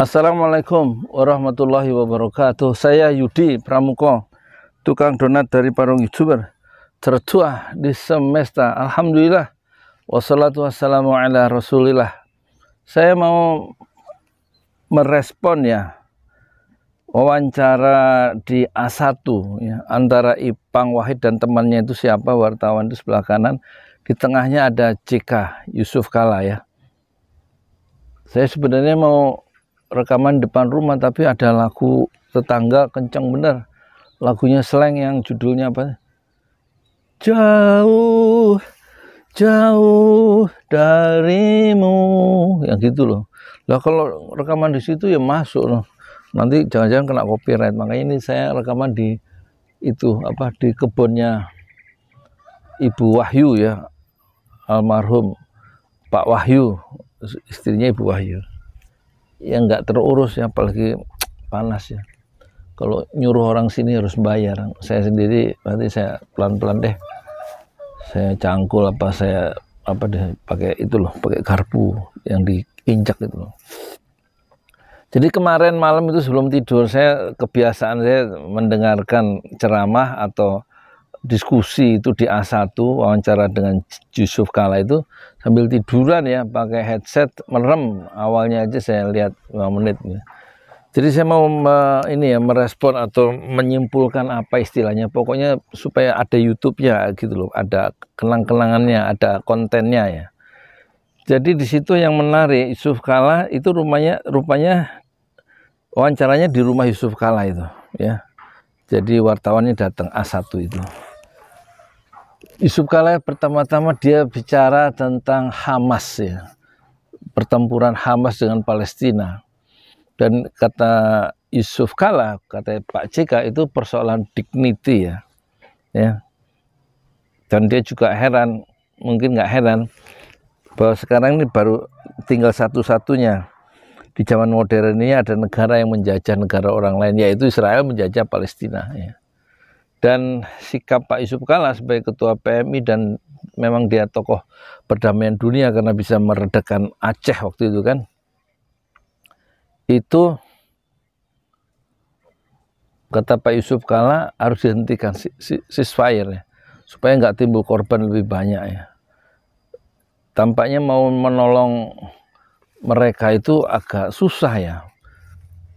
Assalamualaikum warahmatullahi wabarakatuh. Saya Yudi Pramuko, tukang donat dari Parung Youtuber. Tertua di semesta. Alhamdulillah. Wassalatu wassalamu ala rasulillah. Saya mau merespon ya wawancara di A1 ya, antara Ipang Wahid dan temannya itu siapa wartawan di sebelah kanan di tengahnya ada Cika Yusuf Kala ya saya sebenarnya mau rekaman depan rumah tapi ada lagu tetangga kencang bener lagunya slang yang judulnya apa jauh jauh darimu yang gitu loh lah kalau rekaman di situ ya masuk loh nanti jangan-jangan kena copyright makanya ini saya rekaman di itu apa di kebunnya Ibu Wahyu ya almarhum Pak Wahyu istrinya Ibu Wahyu yang nggak terurus ya apalagi panas ya kalau nyuruh orang sini harus bayar saya sendiri nanti saya pelan-pelan deh saya cangkul apa saya apa deh pakai itu loh pakai garpu yang diinjak itu loh jadi kemarin malam itu sebelum tidur saya kebiasaan saya mendengarkan ceramah atau diskusi itu di A1 wawancara dengan Yusuf Kala itu sambil tiduran ya pakai headset merem awalnya aja saya lihat 5 menit gitu. jadi saya mau ini ya merespon atau menyimpulkan apa istilahnya pokoknya supaya ada youtube ya gitu loh ada kenang-kenangannya ada kontennya ya jadi di situ yang menarik Yusuf Kala itu rumahnya rupanya wawancaranya di rumah Yusuf Kala itu ya jadi wartawannya datang A1 itu Yusuf Kala pertama-tama dia bicara tentang Hamas ya. Pertempuran Hamas dengan Palestina. Dan kata Yusuf Kala, kata Pak JK itu persoalan dignity ya. Ya. Dan dia juga heran, mungkin nggak heran bahwa sekarang ini baru tinggal satu-satunya di zaman modern ini ada negara yang menjajah negara orang lain yaitu Israel menjajah Palestina ya dan sikap Pak Yusuf Kala sebagai ketua PMI dan memang dia tokoh perdamaian dunia karena bisa meredakan Aceh waktu itu kan itu kata Pak Yusuf Kala harus dihentikan ceasefire ya, supaya nggak timbul korban lebih banyak ya. Tampaknya mau menolong mereka itu agak susah ya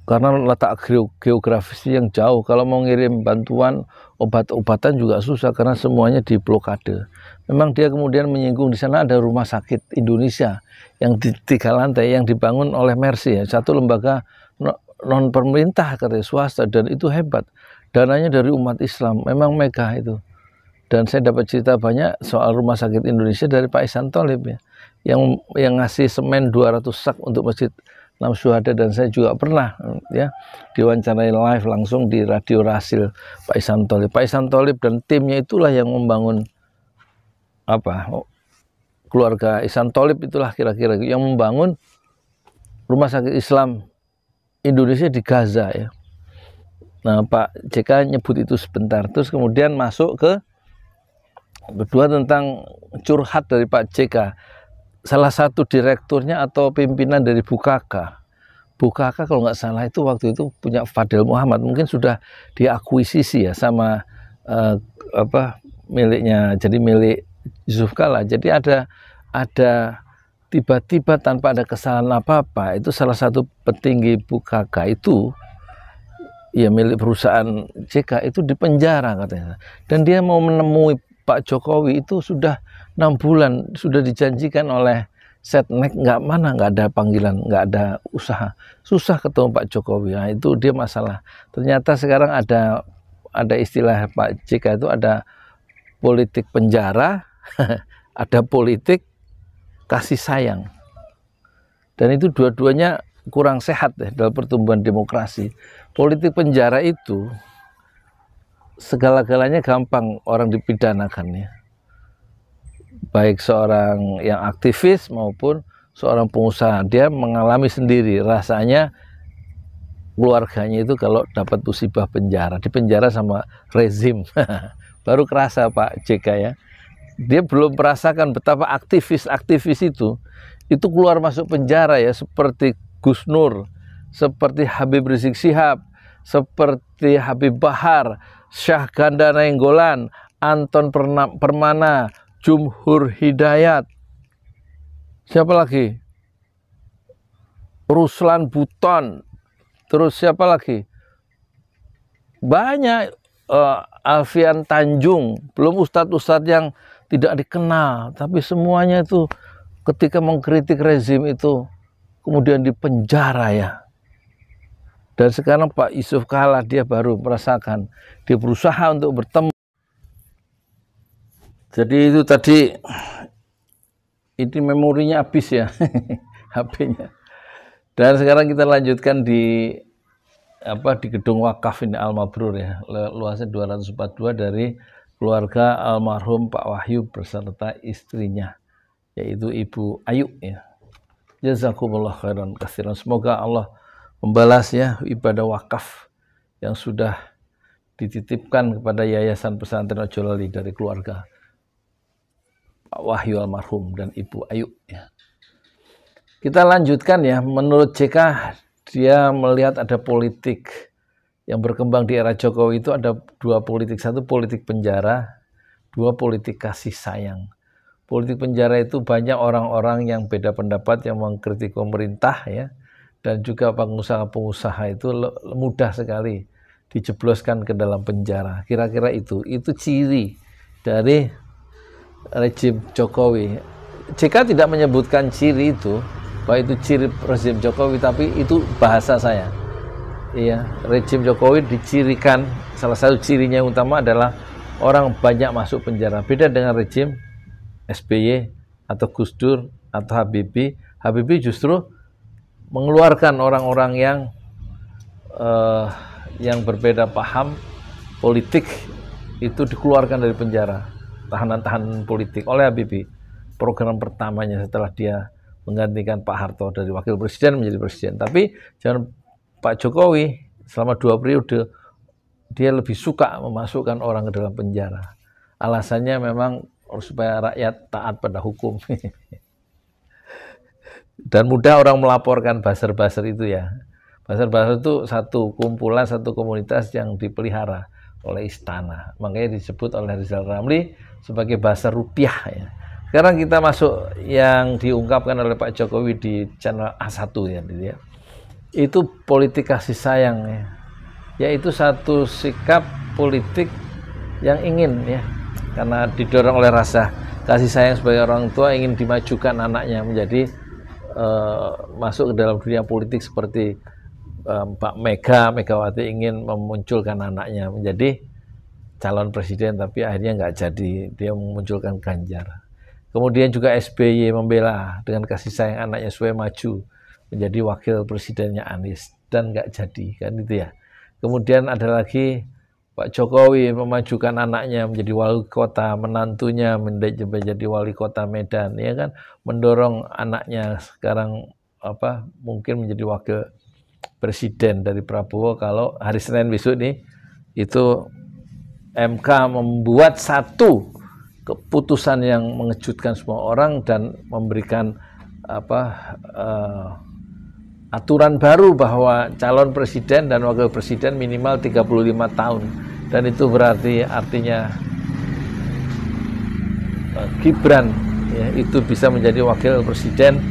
karena letak geografis yang jauh. Kalau mau ngirim bantuan obat-obatan juga susah karena semuanya di blokade. Memang dia kemudian menyinggung di sana ada rumah sakit Indonesia yang di tiga lantai yang dibangun oleh Mercy ya. Satu lembaga non pemerintah katanya swasta dan itu hebat. Dananya dari umat Islam. Memang megah itu. Dan saya dapat cerita banyak soal rumah sakit Indonesia dari Pak Isan Tolib ya. Yang yang ngasih semen 200 sak untuk masjid enam syuhada dan saya juga pernah ya diwawancarai live langsung di Radio Rasil Pak Isan Tolib. Pak Isan Tolib dan timnya itulah yang membangun apa keluarga Isan Tolib itulah kira-kira yang membangun rumah sakit Islam Indonesia di Gaza ya. Nah Pak JK nyebut itu sebentar terus kemudian masuk ke kedua tentang curhat dari Pak JK salah satu direkturnya atau pimpinan dari Bukaka. Bukaka kalau nggak salah itu waktu itu punya Fadel Muhammad mungkin sudah diakuisisi ya sama uh, apa miliknya jadi milik Yusuf Kala. Jadi ada ada tiba-tiba tanpa ada kesalahan apa-apa itu salah satu petinggi Bukaka itu ya milik perusahaan CK itu dipenjara katanya dan dia mau menemui Pak Jokowi itu sudah enam bulan sudah dijanjikan oleh setnek nggak mana nggak ada panggilan nggak ada usaha susah ketemu Pak Jokowi nah, itu dia masalah ternyata sekarang ada ada istilah Pak JK itu ada politik penjara ada politik kasih sayang dan itu dua-duanya kurang sehat ya dalam pertumbuhan demokrasi politik penjara itu segala-galanya gampang orang dipidanakan ya. Baik seorang yang aktivis maupun seorang pengusaha, dia mengalami sendiri rasanya keluarganya itu kalau dapat musibah penjara, dipenjara sama rezim. Baru kerasa Pak JK ya. Dia belum merasakan betapa aktivis-aktivis itu itu keluar masuk penjara ya seperti Gus Nur, seperti Habib Rizik Sihab, seperti Habib Bahar, Syah Ganda Nainggolan, Anton Permana, Jumhur Hidayat. Siapa lagi? Ruslan Buton. Terus siapa lagi? Banyak uh, Alfian Tanjung, belum ustadz-ustadz yang tidak dikenal, tapi semuanya itu ketika mengkritik rezim itu kemudian dipenjara ya dan sekarang Pak Yusuf kalah, dia baru merasakan. Dia berusaha untuk bertemu. Jadi itu tadi, ini memorinya habis ya, HP-nya. Dan sekarang kita lanjutkan di apa di gedung wakaf ini Al Mabrur ya luasnya 242 dari keluarga almarhum Pak Wahyu beserta istrinya yaitu Ibu Ayu ya. Jazakumullah khairan kasiran. Semoga Allah membalas ya ibadah wakaf yang sudah dititipkan kepada Yayasan Pesantren Ojolali dari keluarga Pak Wahyu almarhum dan Ibu Ayu ya. Kita lanjutkan ya, menurut JK dia melihat ada politik yang berkembang di era Jokowi itu ada dua politik, satu politik penjara, dua politik kasih sayang. Politik penjara itu banyak orang-orang yang beda pendapat yang mengkritik pemerintah ya, dan juga pengusaha-pengusaha itu mudah sekali dijebloskan ke dalam penjara. Kira-kira itu, itu ciri dari rezim Jokowi. Jika tidak menyebutkan ciri itu, bahwa itu ciri rezim Jokowi, tapi itu bahasa saya. Iya, rezim Jokowi dicirikan salah satu cirinya yang utama adalah orang banyak masuk penjara. Beda dengan rezim SBY atau Gus Dur atau Habibie. Habibie justru mengeluarkan orang-orang yang uh, yang berbeda paham politik itu dikeluarkan dari penjara tahanan-tahanan politik oleh Habibie program pertamanya setelah dia menggantikan Pak Harto dari wakil presiden menjadi presiden tapi jangan Pak Jokowi selama dua periode dia lebih suka memasukkan orang ke dalam penjara alasannya memang supaya rakyat taat pada hukum Dan mudah orang melaporkan baser-baser itu ya. Baser-baser itu satu kumpulan, satu komunitas yang dipelihara oleh istana. Makanya disebut oleh Rizal Ramli sebagai baser rupiah ya. Sekarang kita masuk yang diungkapkan oleh Pak Jokowi di channel A1 ya. Gitu ya. Itu politik kasih sayang ya. Yaitu satu sikap politik yang ingin ya karena didorong oleh rasa kasih sayang sebagai orang tua ingin dimajukan anaknya menjadi Eh, masuk ke dalam dunia politik seperti um, Pak Mega, Megawati ingin memunculkan anaknya menjadi calon presiden tapi akhirnya nggak jadi dia memunculkan Ganjar. Kemudian juga SBY membela dengan kasih sayang anaknya supaya maju menjadi wakil presidennya Anies dan nggak jadi kan itu ya. Kemudian ada lagi Pak Jokowi memajukan anaknya menjadi wali kota, menantunya menjadi wali kota Medan, ya kan, mendorong anaknya sekarang apa mungkin menjadi wakil presiden dari Prabowo kalau hari Senin besok nih itu MK membuat satu keputusan yang mengejutkan semua orang dan memberikan apa uh, aturan baru bahwa calon presiden dan wakil presiden minimal 35 tahun dan itu berarti artinya eh, Gibran ya, itu bisa menjadi wakil presiden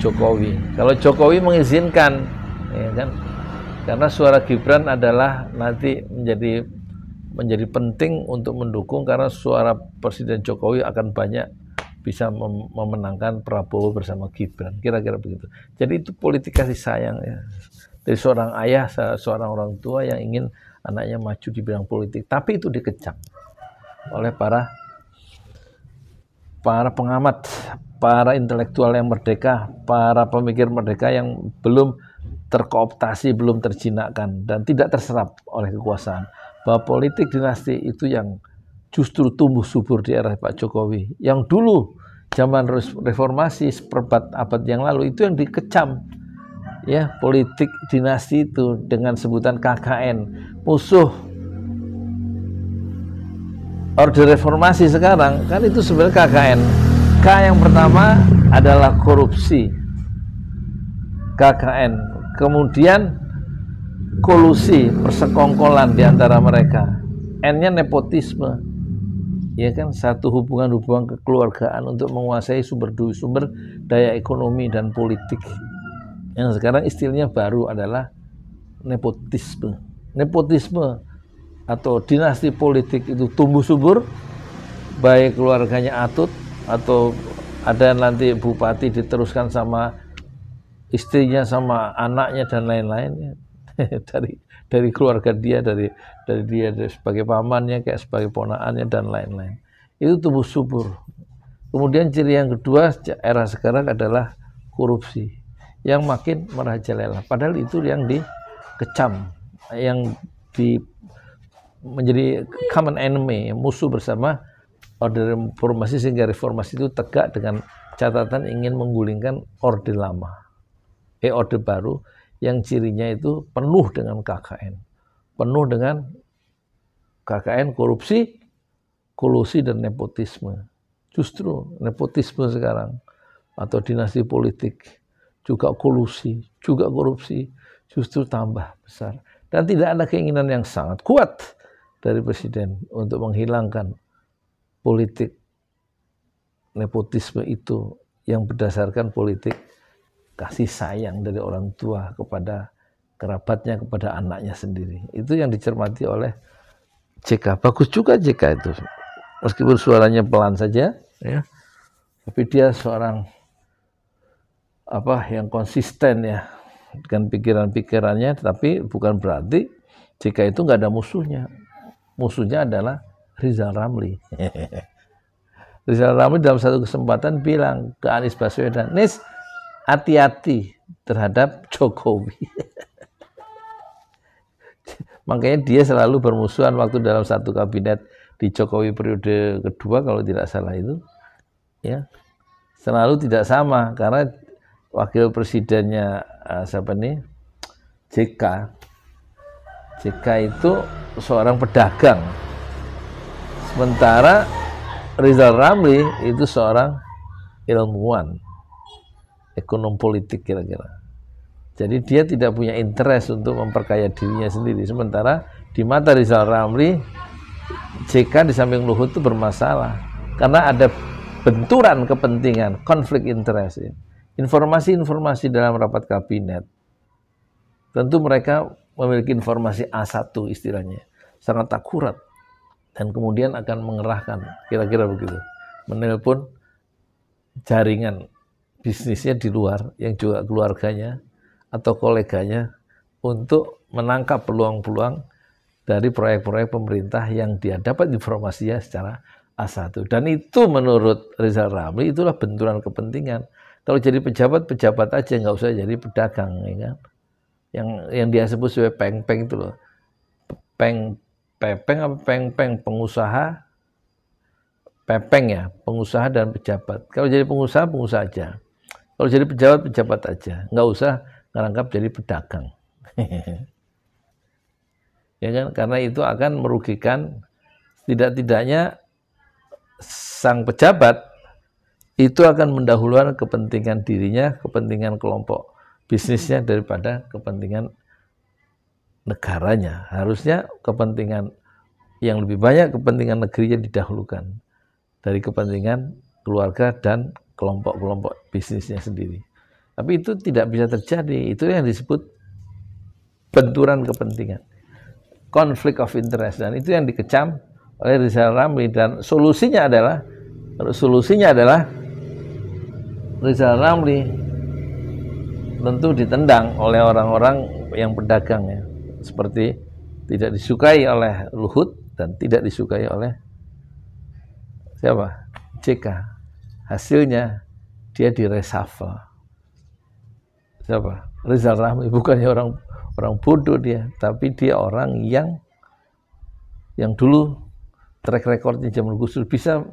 Jokowi. Kalau Jokowi mengizinkan, ya kan, karena suara Gibran adalah nanti menjadi menjadi penting untuk mendukung karena suara Presiden Jokowi akan banyak bisa mem memenangkan Prabowo bersama Gibran. Kira-kira begitu. Jadi itu politik kasih sayang ya. Dari seorang ayah, seorang orang tua yang ingin anaknya maju di bidang politik, tapi itu dikecam oleh para para pengamat, para intelektual yang merdeka, para pemikir merdeka yang belum terkooptasi, belum terjinakkan dan tidak terserap oleh kekuasaan. Bahwa politik dinasti itu yang justru tumbuh subur di era Pak Jokowi. Yang dulu zaman reformasi seperempat abad yang lalu itu yang dikecam ya politik dinasti itu dengan sebutan KKN musuh orde reformasi sekarang kan itu sebenarnya KKN K yang pertama adalah korupsi KKN kemudian kolusi persekongkolan diantara mereka N-nya nepotisme ya kan satu hubungan-hubungan kekeluargaan untuk menguasai sumber sumber daya ekonomi dan politik yang sekarang istilahnya baru adalah nepotisme nepotisme atau dinasti politik itu tumbuh subur baik keluarganya atut atau ada nanti bupati diteruskan sama istrinya sama anaknya dan lain-lain dari dari keluarga dia dari dari dia dari sebagai pamannya kayak sebagai ponaannya dan lain-lain itu tubuh subur kemudian ciri yang kedua era sekarang adalah korupsi yang makin merajalela padahal itu yang dikecam yang di menjadi common enemy musuh bersama order reformasi sehingga reformasi itu tegak dengan catatan ingin menggulingkan orde lama eh orde baru yang cirinya itu penuh dengan KKN. Penuh dengan KKN korupsi, kolusi, dan nepotisme. Justru nepotisme sekarang atau dinasti politik juga kolusi, juga korupsi, justru tambah besar. Dan tidak ada keinginan yang sangat kuat dari Presiden untuk menghilangkan politik nepotisme itu yang berdasarkan politik kasih sayang dari orang tua kepada kerabatnya, kepada anaknya sendiri. Itu yang dicermati oleh JK. Bagus juga JK itu. Meskipun suaranya pelan saja, ya. Tapi dia seorang apa yang konsisten ya dengan pikiran-pikirannya tapi bukan berarti JK itu nggak ada musuhnya musuhnya adalah Rizal Ramli Rizal Ramli dalam satu kesempatan bilang ke Anies Baswedan Nis hati-hati terhadap Jokowi. Makanya dia selalu bermusuhan waktu dalam satu kabinet di Jokowi periode kedua kalau tidak salah itu. Ya. Selalu tidak sama karena wakil presidennya uh, siapa nih? JK. JK itu seorang pedagang. Sementara Rizal Ramli itu seorang ilmuwan ekonom politik kira-kira. Jadi dia tidak punya interest untuk memperkaya dirinya sendiri. Sementara di mata Rizal Ramli, JK di samping Luhut itu bermasalah. Karena ada benturan kepentingan, konflik interest. Ya. Informasi-informasi dalam rapat kabinet. Tentu mereka memiliki informasi A1 istilahnya. Sangat akurat. Dan kemudian akan mengerahkan, kira-kira begitu. Menelpon jaringan bisnisnya di luar, yang juga keluarganya atau koleganya untuk menangkap peluang-peluang dari proyek-proyek pemerintah yang dia dapat informasinya secara A1. Dan itu menurut Rizal Ramli itulah benturan kepentingan. Kalau jadi pejabat, pejabat aja nggak usah jadi pedagang, ya kan? Yang yang dia sebut sebagai peng-peng itu loh. Peng pepeng apa peng-peng pengusaha pepeng ya, pengusaha dan pejabat. Kalau jadi pengusaha, pengusaha aja. Kalau jadi pejabat, pejabat aja. Nggak usah ngerangkap jadi pedagang. ya kan? Karena itu akan merugikan tidak-tidaknya sang pejabat itu akan mendahulukan kepentingan dirinya, kepentingan kelompok bisnisnya daripada kepentingan negaranya. Harusnya kepentingan yang lebih banyak kepentingan negerinya didahulukan dari kepentingan keluarga dan kelompok-kelompok bisnisnya sendiri. Tapi itu tidak bisa terjadi. Itu yang disebut benturan kepentingan. Konflik of interest. Dan itu yang dikecam oleh Rizal Ramli. Dan solusinya adalah, solusinya adalah Rizal Ramli tentu ditendang oleh orang-orang yang pedagang ya. Seperti tidak disukai oleh Luhut dan tidak disukai oleh siapa? JK hasilnya dia diresafel. Siapa? Rizal Rahmi bukannya orang orang bodoh dia, tapi dia orang yang yang dulu track recordnya Jamal Gusdur bisa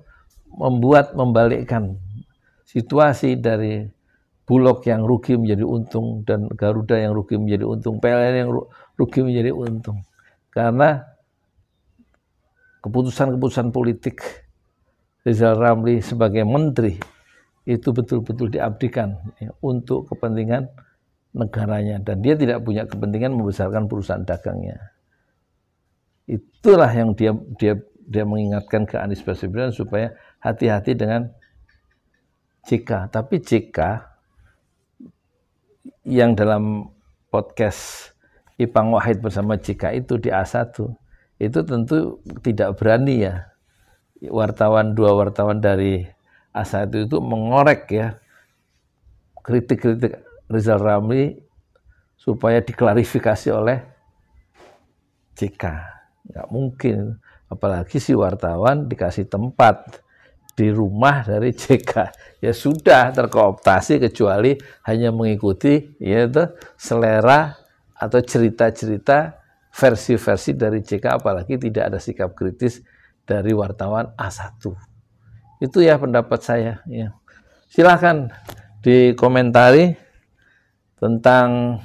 membuat membalikkan situasi dari Bulog yang rugi menjadi untung dan Garuda yang rugi menjadi untung, PLN yang rugi menjadi untung. Karena keputusan-keputusan politik Rizal Ramli sebagai menteri itu betul-betul diabdikan ya, untuk kepentingan negaranya dan dia tidak punya kepentingan membesarkan perusahaan dagangnya. Itulah yang dia dia dia mengingatkan ke Anies Baswedan supaya hati-hati dengan JK. Tapi JK yang dalam podcast Ipang Wahid bersama JK itu di A1 itu tentu tidak berani ya wartawan dua wartawan dari Asa itu itu mengorek ya kritik-kritik Rizal Ramli supaya diklarifikasi oleh JK. Nggak mungkin, apalagi si wartawan dikasih tempat di rumah dari JK. Ya sudah terkooptasi kecuali hanya mengikuti ya itu selera atau cerita-cerita versi-versi dari JK apalagi tidak ada sikap kritis dari wartawan A1. Itu ya pendapat saya. Ya. Silahkan dikomentari tentang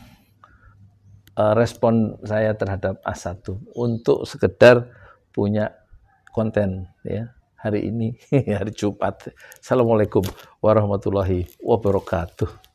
uh, respon saya terhadap A1 untuk sekedar punya konten ya hari ini hari Jumat. Assalamualaikum warahmatullahi wabarakatuh.